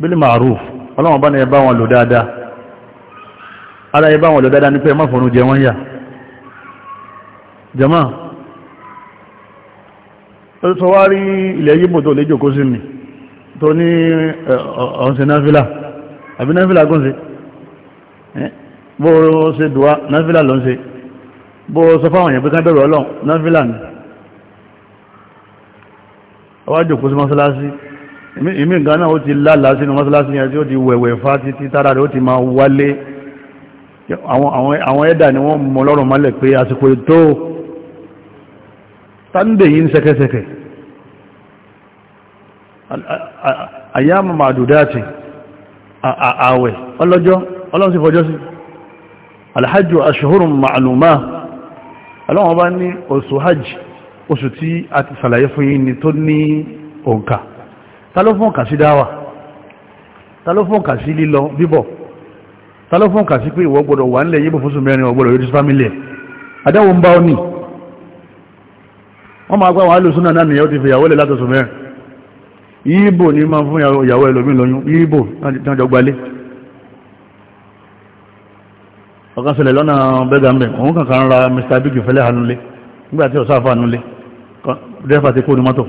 bílí ma'ruf ọlọ́wọ̀n bá ní ẹbá wọn lò dáadáa ara ẹbá wọn lò dáadáa ní pé ẹmọ́ fòrún jẹ wọ́n yà jẹmọ́ ó sọ wá rí ilẹ̀ yíbò tó lè jòkó sí mi tó ní ọ̀sẹ̀ náfílà àbí náfílà gùn sí bó ṣe dùwá náfílà ló ń bó sọ fáwọn èèyàn pé ká bẹ̀rù ọlọ́run náfílà ni ọwá jòkó sí mọ́sálásí ìmí nǹkan náà ó ti lálàá sínú mọ́sálásí yẹn tí ó ti wẹ̀wẹ̀ fá títí tára rẹ̀ ó ti máa wálé àwọn ẹ̀dà ni wọ́n mọ lọ́rùn mọ́lẹ̀ pé àsìkò ètò tàndè yìí ń sẹ́kẹ́sẹ́kẹ́ àyàmà màdùdáàtì ààwẹ̀ ọlọ́jọ́ ọlọ́run sì fọjọ́ sí alhajjú ashhurun ma'lúmá ọlọ́run bá ní oṣù hajj oṣù ni tó ní ta ló fún kàsí dáwà ta ló fún kàsí lílọ bíbọ̀ ta ló fún kàsí pé ìwọ gbọdọ̀ wà nílẹ̀ yíbò fúnṣù mẹ́rin ọgbọdọ̀ yóò ti fámílì ẹ̀ adáwò ń bá ọ ní wọ́n máa gbáwọn alùsúnà náà nìyàwó ti fi ìyàwó lẹ̀ látọ̀sù mẹ́rin yíbò ní máa mr ko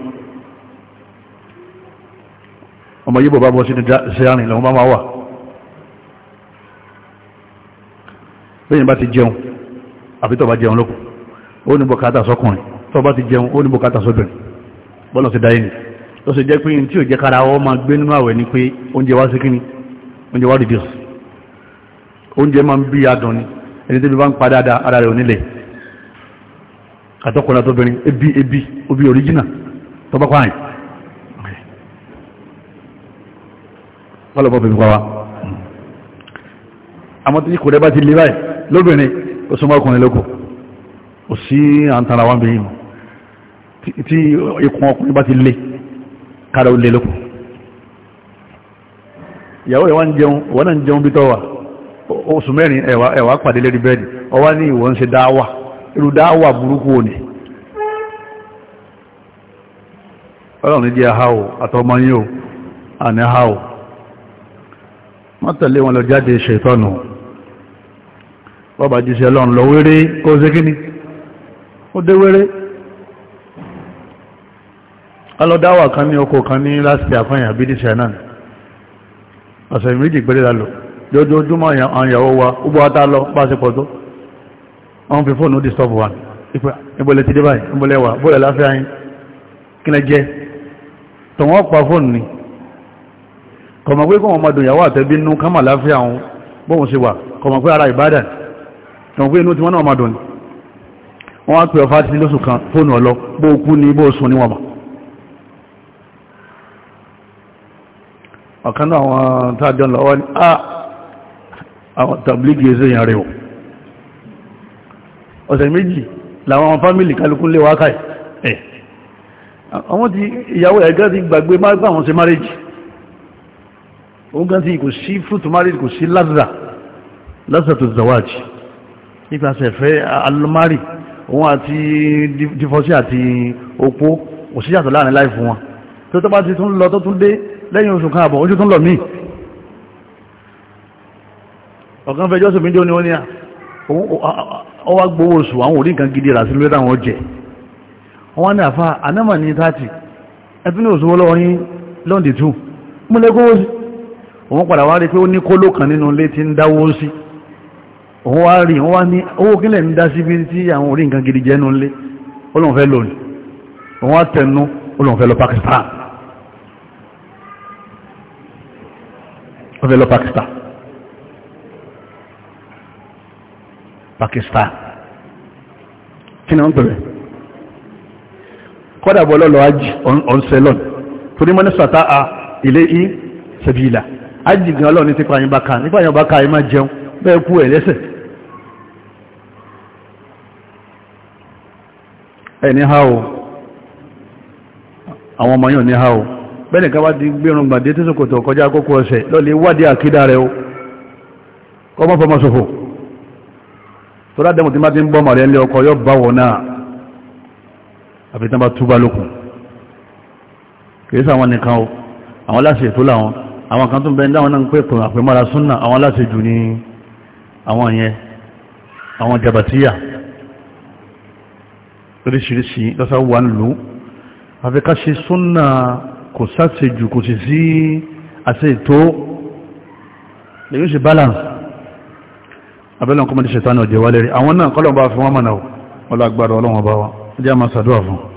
ọmọ yíbò bá bọ́ sí ṣe àrìn lọ́wọ́ bá máa wà bẹ́yìn bá ti jẹun àbí tọ́ bá jẹun lókù ó ní bọ́kátà sọ́kùnrin tọ́ bá ti jẹun ó ní bọ́kátà sọ́bìnrin bọ́lọ̀ ti dáyé ni ó sì jẹ́ pé in tí ò jẹ́ kára ọ máa gbé nínú àwẹ̀ ni pé oúnjẹ wá sí kíni oúnjẹ wá reduce oúnjẹ máa ń bí adùn ni ẹni tí bí bá ń pa dáadáa ara rẹ̀ onílẹ̀ àtọkùnrin àtọbìnrin ebi ebi obi original tọ́ bá pààyàn kọ́lọ̀bọ̀ fi fọwá àmọ́ tí kò rẹ bá ti lè báyìí lóbìnrin ó súnmọ́ ọkùnrin lókò ò sí àǹtara wọn bí ìmọ̀ tí ikùn ọkùnrin bá ti lè kára ó lè lókò ìyàwó ìwà ń jẹun ìwà náà ń jẹun bí tọ́wà oṣù mẹ́rin ẹ̀wà pàdé lérí bẹ́ẹ̀dì ọwá ní ìwọ̀n ṣe dáwà irú dáwà burúkú òní ọlọ́run ní jẹ́ àháwò àtọmọyìn ò àní àháwò wọ́n tẹ̀lé wọn lọ jáde ṣètọ́nù bọ́bá jíṣẹ́ lọ́n lọ wéré kó ṣe kíní ó dé wéré alọ́dáwà kan ní oko kan ní láti àfáyàn bí díṣẹ́ náà ọ̀sẹ̀ méjì péré lálò lójoojúmọ́ àyàwó wa gbogbo ata lọ pàṣípọ̀ tó wọ́n fi fóònù disturb wa ìbọ̀lẹ̀ ti dé báyìí ìbọ̀lẹ̀ wà bọ́ọ̀lẹ̀ láfíà yín kí lẹ jẹ́ tọ̀wọ́n pa fóònù ni kọmọ̀ pé kọmọ̀ ọmọdún ìyàwó àtẹ́bí nú kámà láfíà wọn bóhun sí wà kọmọ̀ pé ara ìbádàn kọmọ̀ pé inú tí wọ́n náà ọmọdún wọ́n á pè ọfá tí lóṣù kan fóònù ọlọ bó kú ní bó sùn níwọ̀n mọ̀ ọ̀kan náà wọn tàjọ lọ́wọ́ ní à ah, àwọn tàbílìgì ẹsẹ̀ ti ìyàwó ẹ̀gá ti gbàgbé má gbà wọn márèjì òun gan ti kò sí fúrútù márìdì kò sí lázà lázà tó zàwájì nípasẹ̀ fẹ́ alọ́márì òun àti dífọ́sí àti opó kò sí yàtọ̀ láàrin láì fún wọn tó tó bá ti tún lọ tó tún dé lẹ́yìn oṣù kan àbọ̀ ojú tún lọ míì ọ̀kan fẹjọ́ sí mídíò ní ó ní gbówó oṣù àwọn orí nǹkan gidi rà lórí àwọn ọjẹ́ wọ́n ní àfá anámà ní 30 ẹtún ní oṣù wọ́lọ́wọ́ òun padà wá rí pé ó ní kóló kan nínú ilé tí ń dáwó sí òun wá rí wọ́n wá ní owó kílẹ̀ ń dá sí bí tí àwọn orí nǹkan gidi jẹ́nu ilé olóhùn fẹ́ òun wá tẹnu olóhùn lọ Pakistan ó Pakistan Pakistan kí ni wọ́n pẹ̀lẹ̀ kọ́dà bọ́ lọ́lọ́ ajì ọ̀nsẹ̀lọ́n torí mọ́ ní sàtà ilé i sabila ájì gan ọlọ́run ti pààyàn bá ka nípa àyàn bá ka ẹ jẹun bẹ́ẹ̀ kú ẹ̀ lẹ́sẹ̀ ẹ̀ ní ha o àwọn ọmọ yàn ní ha o bẹ́ẹ̀ni ká bá di gbérun gbàdé tí sòkòtò kọjá kókó ọ̀sẹ̀ lọ́lẹ̀ wádìí àkídà rẹ̀ o kọ́ mọ́ fọmọ sòfò tó ládẹ́mù tí má ti ń bọ́ màrẹ́ láwọn àwọn kan tó bẹ̀rẹ̀ dáwọn náà ń pè kùn àpẹmọ́ra súnnà àwọn aláṣẹ jù ní àwọn yẹn àwọn jabatíyà oríṣiríṣi lọ́sá wà ń lú àfikà ṣe súnnà kò sáṣe jù kò sì sí àṣẹ ètò lè balance abẹ́lẹ̀ ọkọ̀ mọ́dé ṣètánà ọjẹ́ wálẹ́rí àwọn náà kọ́lọ̀ bá fi wọ́n mọ̀nà ọlọ́gbàrọ̀ ọlọ́wọ́n bá wá jẹ́ àmà sàdúwà fún